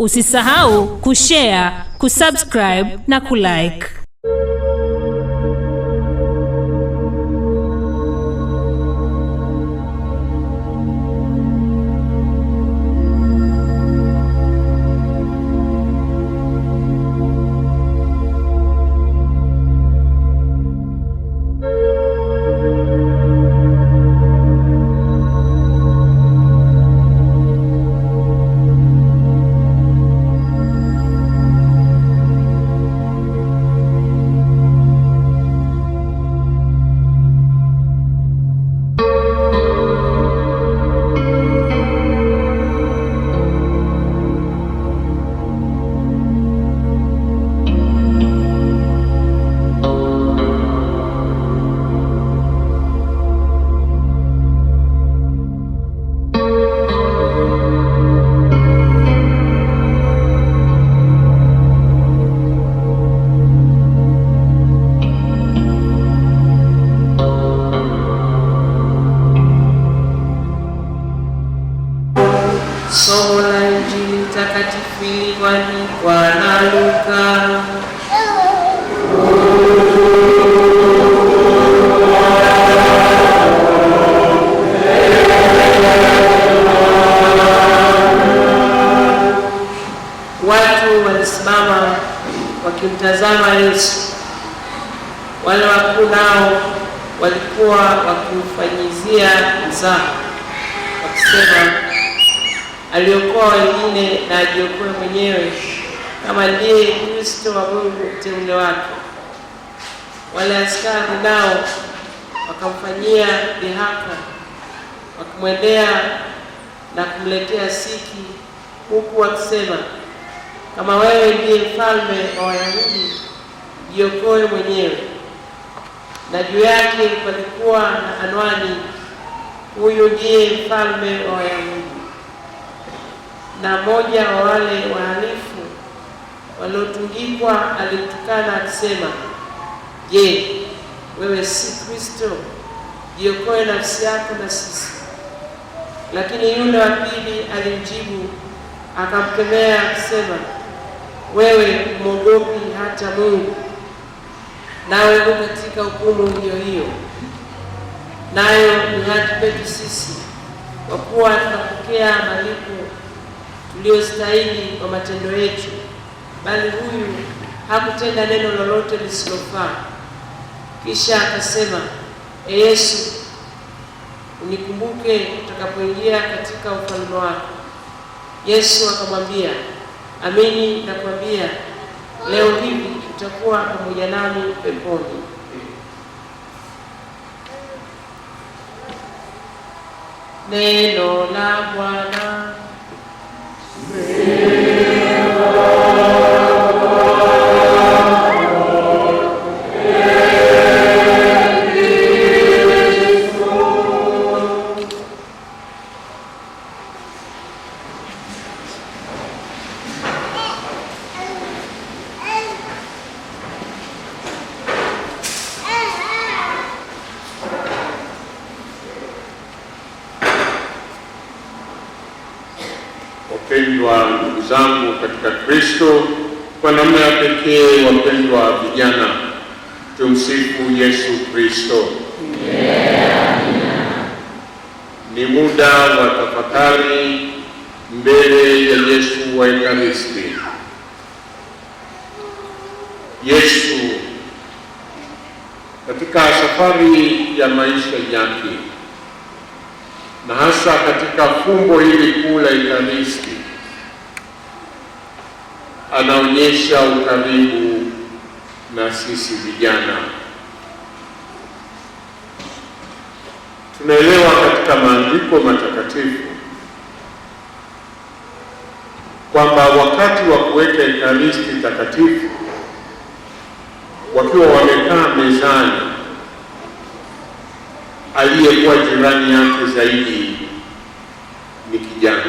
Usisahau kushare, kusubscribe na kulike. walezi wale wakuu nao walikuwa wakimfanyizia mzaha, wakisema aliokoa wengine na ajiokoe mwenyewe kama ndiye Kristo wa Mungu mteule wake. Wale askari nao wakamfanyia dhihaka, wakimwendea na kumletea siki, huku wakisema, kama wewe ndiye mfalme wa Wayahudi jiokoe mwenyewe, na juu yake palikuwa na anwani, huyu ndiye mfalme wa Wayahudi. Na mmoja wa wale wahalifu waliotungikwa alimtukana akisema, Je, wewe si Kristo? Jiokoe nafsi yako na sisi. Lakini yule wa pili alimjibu akamkemea akisema, wewe mwogopi hata Mungu? nawe katika hukumu hiyo hiyo, nayo ni haki yetu sisi, kwa kuwa tunapokea malipo tuliyostahili kwa matendo yetu, bali huyu hakutenda neno lolote lisilofaa. Kisha akasema, E Yesu, unikumbuke utakapoingia katika ufalme wako. Yesu akamwambia, amini nakwambia, leo hivi mtakuwa pamoja nami peponi. Neno la Bwana. Wapendwa ndugu zangu katika Kristo, kwa namna ya pekee wapendwa vijana, tumsifu Yesu Kristo. Ni muda wa tafakari mbele ya Yesu wa Ekaristi. Yesu katika safari ya maisha yake na hasa katika fumbo hili kuu la Ekaristi anaonyesha ukaribu na sisi vijana. Tunaelewa katika maandiko matakatifu kwamba wakati wa kuweka Ekaristi takatifu wakiwa wamekaa mezani aliyekuwa jirani yake zaidi ni kijana.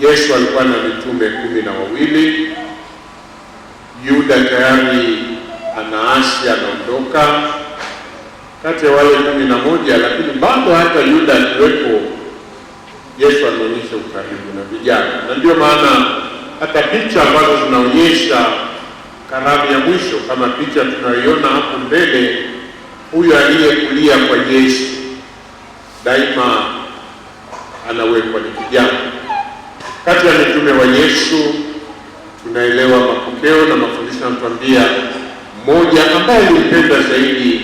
Yesu alikuwa na mitume kumi na wawili. Yuda tayari anaasi, anaondoka kati ya wale kumi na moja, lakini bado hata Yuda akiwepo, Yesu anaonyesha ukaribu na vijana, na ndio maana hata picha ambazo zinaonyesha karamu ya mwisho kama picha tunayoiona hapo mbele huyu aliyekulia kwa jeshi daima anawekwa ni kijana. Kati ya mitume wa Yesu tunaelewa mapokeo na mafundisho yanatuambia, mmoja ambaye alimpenda zaidi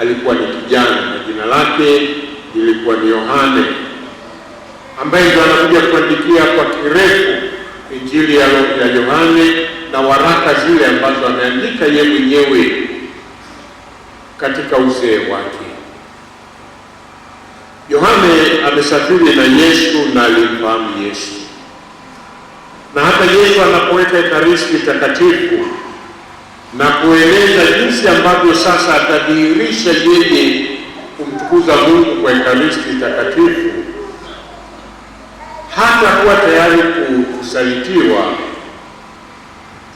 alikuwa ni kijana, na jina lake lilikuwa ni Yohane, ambaye ndio anakuja kuandikia kwa kirefu Injili ya Yohane na waraka zile ambazo ameandika yeye mwenyewe katika uzee wake. Yohane amesafiri na Yesu na alimfahamu Yesu, na hata Yesu anapoweka Ekaristi Takatifu na kueleza jinsi ambavyo sasa atadhihirisha yeye kumtukuza Mungu kwa Ekaristi Takatifu, hata kuwa tayari kusalitiwa.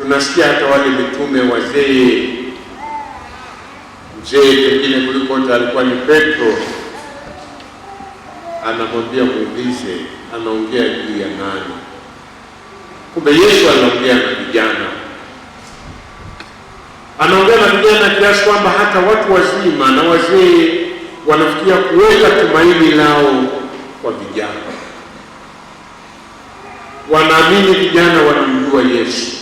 Tunasikia hata wale mitume wazee Je, pengine kuliko wote alikuwa ni Petro, anamwambia muulize, anaongea juu ya nani? Kumbe Yesu anaongea na vijana, anaongea na vijana kiasi kwamba hata watu wazima na wazee wanafikia kuweka tumaini lao kwa vijana. Wanaamini vijana wanamjua Yesu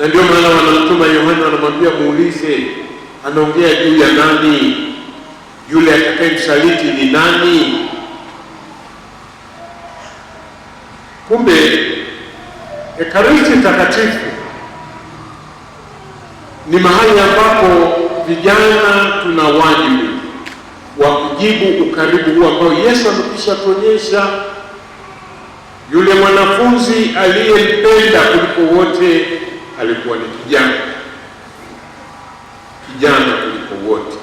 na ndio maana wanamtuma Yohana wanamwambia muulize, anaongea juu ya nani? Yule atakayemsaliti ni nani? Kumbe Ekaristi Takatifu ni mahali ambapo vijana tuna wajibu wa kujibu ukaribu huu ambao Yesu amekwisha tuonyesha. Yule mwanafunzi aliyempenda kuliko wote alikuwa ni kijana kijana kuliko wote,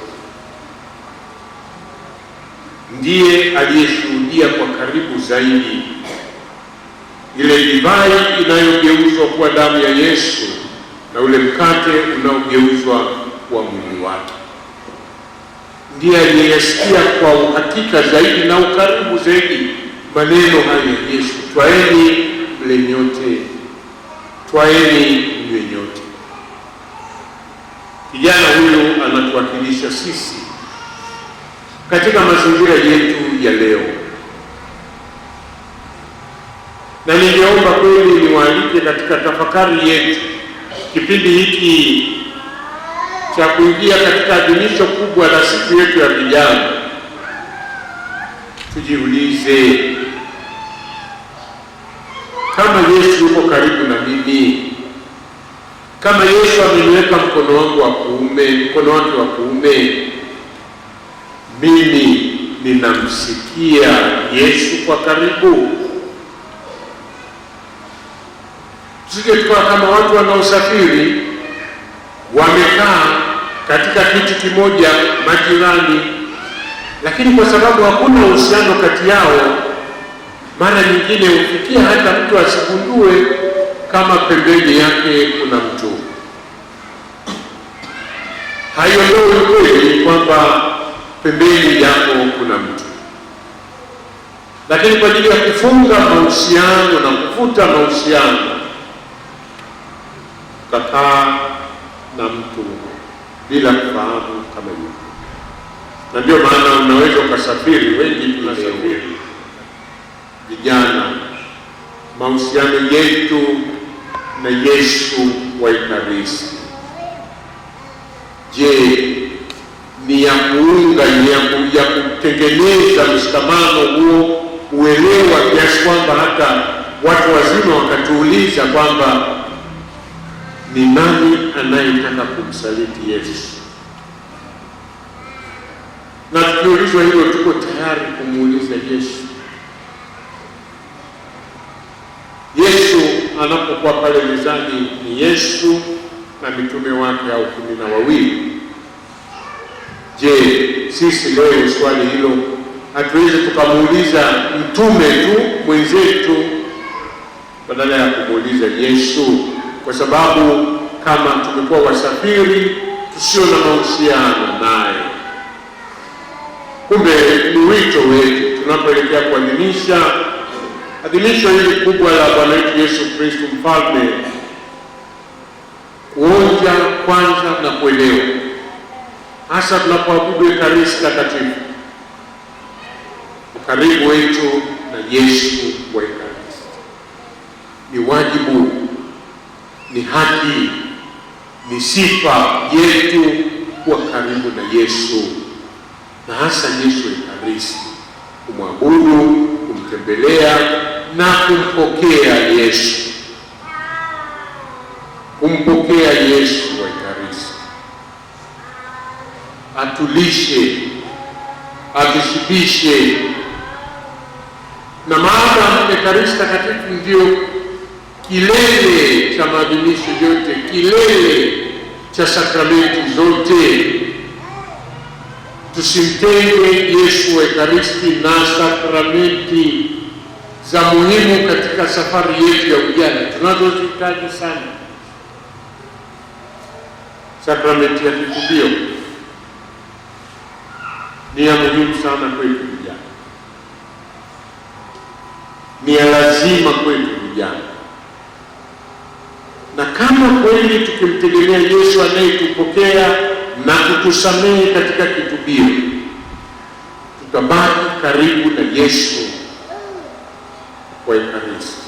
ndiye aliyeshuhudia kwa karibu zaidi ile divai inayogeuzwa kuwa damu ya Yesu na ule mkate unaogeuzwa kuwa mwili wake. Ndiye aliyesikia kwa uhakika zaidi na ukaribu zaidi maneno haya ya Yesu, twaeni mle nyote, twaeni mjue nyote, kijana huyu anatuwakilisha sisi katika mazingira yetu ya leo, na ningeomba kweli niwaalike katika tafakari yetu kipindi hiki cha kuingia katika adhimisho kubwa la siku yetu ya vijana, tujiulize kama Yesu yuko karibu na mimi kama Yesu ameniweka mkono wangu wa kuume, mkono wake wa kuume, mimi ninamsikia Yesu kwa karibu. Tusije tukawa kama watu wanaosafiri wamekaa katika kiti kimoja majirani, lakini kwa sababu hakuna uhusiano kati yao, mara nyingine hufikia hata mtu asigundue kama pembeni yake kuna mtu. Haiondoi ukweli kwamba pembeni yako kuna mtu, lakini kwa ajili ya kufunga mahusiano na kuvuta mahusiano, ukakaa na mtu bila kufahamu kama yuko, na ndio maana unaweza ukasafiri. Wengi tunasafiri vijana, mahusiano yetu na Yesu wa Ekaristi. Je, ni ya kuunga ya kutengeneza mshikamano huo uelewa, kiasi kwamba hata watu wazima wakatuuliza kwamba ni nani anayetaka kumsaliti Yesu? Na tukiulizwa hilo, tuko tayari kumuuliza Yesu anapokuwa pale mezani ni Yesu na mitume wake au kumi na wawili. Je, sisi leo swali hilo hatuwezi tukamuuliza mtume tu mwenzetu badala ya kumuuliza Yesu, kwa sababu kama tumekuwa wasafiri tusio na mahusiano naye. Kumbe ni wito wetu tunapoelekea kuadhimisha Adhimisho hili kubwa la Bwana wetu Yesu Kristo mfalme kuonja kwanza na kuelewa, hasa tunapoabudu Ekaristi Takatifu, ukaribu wetu na Yesu wa Ekaristi ni wajibu, ni haki, ni sifa yetu kuwa karibu na Yesu na hasa Yesu Ekaristi, kumwabudu, kumtembelea na kumpokea Yesu, kumpokea Yesu wa Ekaristi, atulishe, atushibishe, na maana Ekaristi Takatifu ndio kilele cha maadhimisho yote, kilele cha sakramenti zote. Tusimtenge Yesu wa Ekaristi na sakramenti za muhimu katika safari yetu ya ujana tunazozihitaji sana: sakramenti ya kitubio ni ya muhimu sana kwetu vijana, ni ya lazima kwetu vijana, na kama kweli tukimtegemea Yesu anayetupokea na kutusamehe katika kitubio, tutabaki karibu na Yesu. kwa imani hizi.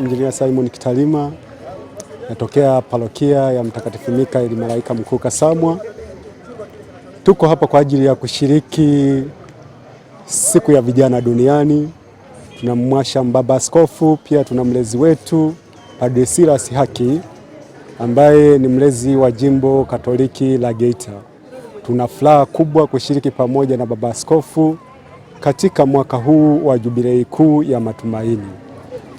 Injinia Simon Kitalima, natokea parokia ya Mtakatifu Mikaeli Malaika Mkuu Kasamwa. Tuko hapa kwa ajili ya kushiriki siku ya vijana duniani. Tunamwasha mbaba askofu, pia tuna mlezi wetu Padre Silas Haki ambaye ni mlezi wa jimbo Katoliki la Geita. Tuna furaha kubwa kushiriki pamoja na baba askofu katika mwaka huu wa jubilei kuu ya matumaini.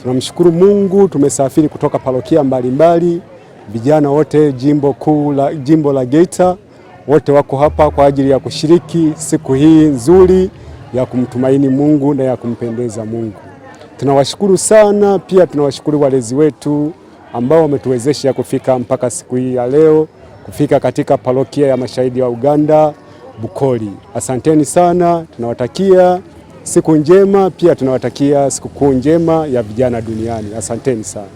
Tunamshukuru Mungu tumesafiri kutoka parokia mbalimbali, vijana wote jimbo kuu la jimbo la Geita wote wako hapa kwa ajili ya kushiriki siku hii nzuri ya kumtumaini Mungu na ya kumpendeza Mungu. Tunawashukuru sana, pia tunawashukuru walezi wetu ambao wametuwezesha kufika mpaka siku hii ya leo, kufika katika parokia ya Mashahidi wa Uganda Bukoli. Asanteni sana, tunawatakia siku njema, pia tunawatakia sikukuu njema ya vijana duniani. Asanteni sana.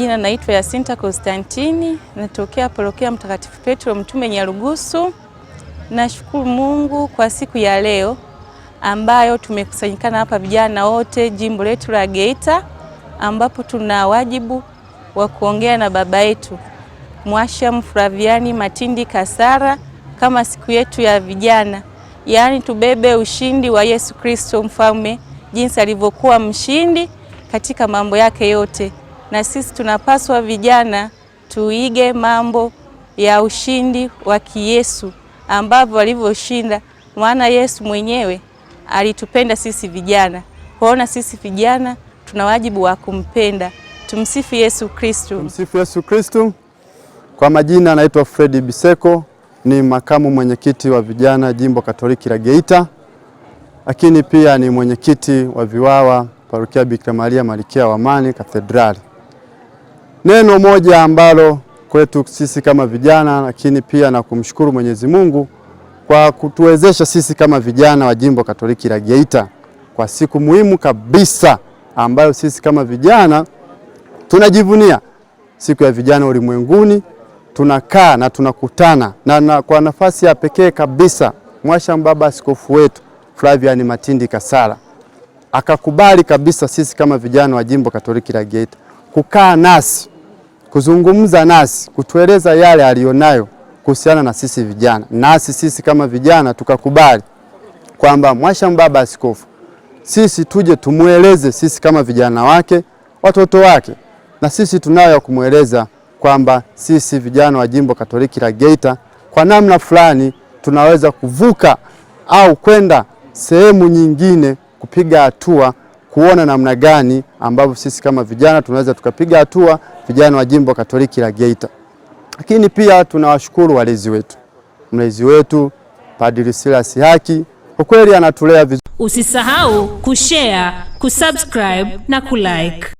Jina naitwa Yasinta Konstantini, natokea Parokia Mtakatifu Petro Mtume Nyarugusu. Nashukuru Mungu kwa siku ya leo ambayo tumekusanyikana hapa vijana wote jimbo letu la Geita, ambapo tuna wajibu wa kuongea na baba yetu Mwasham Flaviani Matindi Kasara kama siku yetu ya vijana yaani tubebe ushindi wa Yesu Kristo mfalme, jinsi alivyokuwa mshindi katika mambo yake yote, na sisi tunapaswa vijana tuige mambo ya ushindi wa kiyesu ambavyo alivyoshinda, maana Yesu mwenyewe alitupenda sisi vijana. Kwaona sisi vijana tuna wajibu wa kumpenda. Tumsifu Yesu Kristo, tumsifu Yesu Kristo. Kwa majina anaitwa Fredi Biseko ni makamu mwenyekiti wa vijana jimbo Katoliki la Geita, lakini pia ni mwenyekiti wa viwawa parokia Bikira Maria Malikia wa Amani Katedrali. Neno moja ambalo kwetu sisi kama vijana, lakini pia na kumshukuru Mwenyezi Mungu kwa kutuwezesha sisi kama vijana wa jimbo Katoliki la Geita kwa siku muhimu kabisa ambayo sisi kama vijana tunajivunia, siku ya vijana ulimwenguni tunakaa na tunakutana na, na kwa nafasi ya pekee kabisa Mwasha Mbaba askofu wetu Flavian Matindi Kasala akakubali kabisa sisi kama vijana wa Jimbo Katoliki la Geita kukaa nasi kuzungumza nasi kutueleza yale aliyonayo kuhusiana na sisi vijana, nasi sisi kama vijana tukakubali kwamba Mwasha Mbaba askofu sisi tuje tumweleze sisi kama vijana wake, watoto wake, na sisi tunayo ya kumweleza kwamba sisi vijana wa Jimbo Katoliki la Geita kwa namna fulani tunaweza kuvuka au kwenda sehemu nyingine kupiga hatua kuona namna gani ambavyo sisi kama vijana tunaweza tukapiga hatua vijana wa Jimbo Katoliki la Geita. Lakini pia tunawashukuru walezi wetu, mlezi wetu Padri Silas Haki kwa kweli anatulea vizuri. Usisahau kushare, kusubscribe na kulike.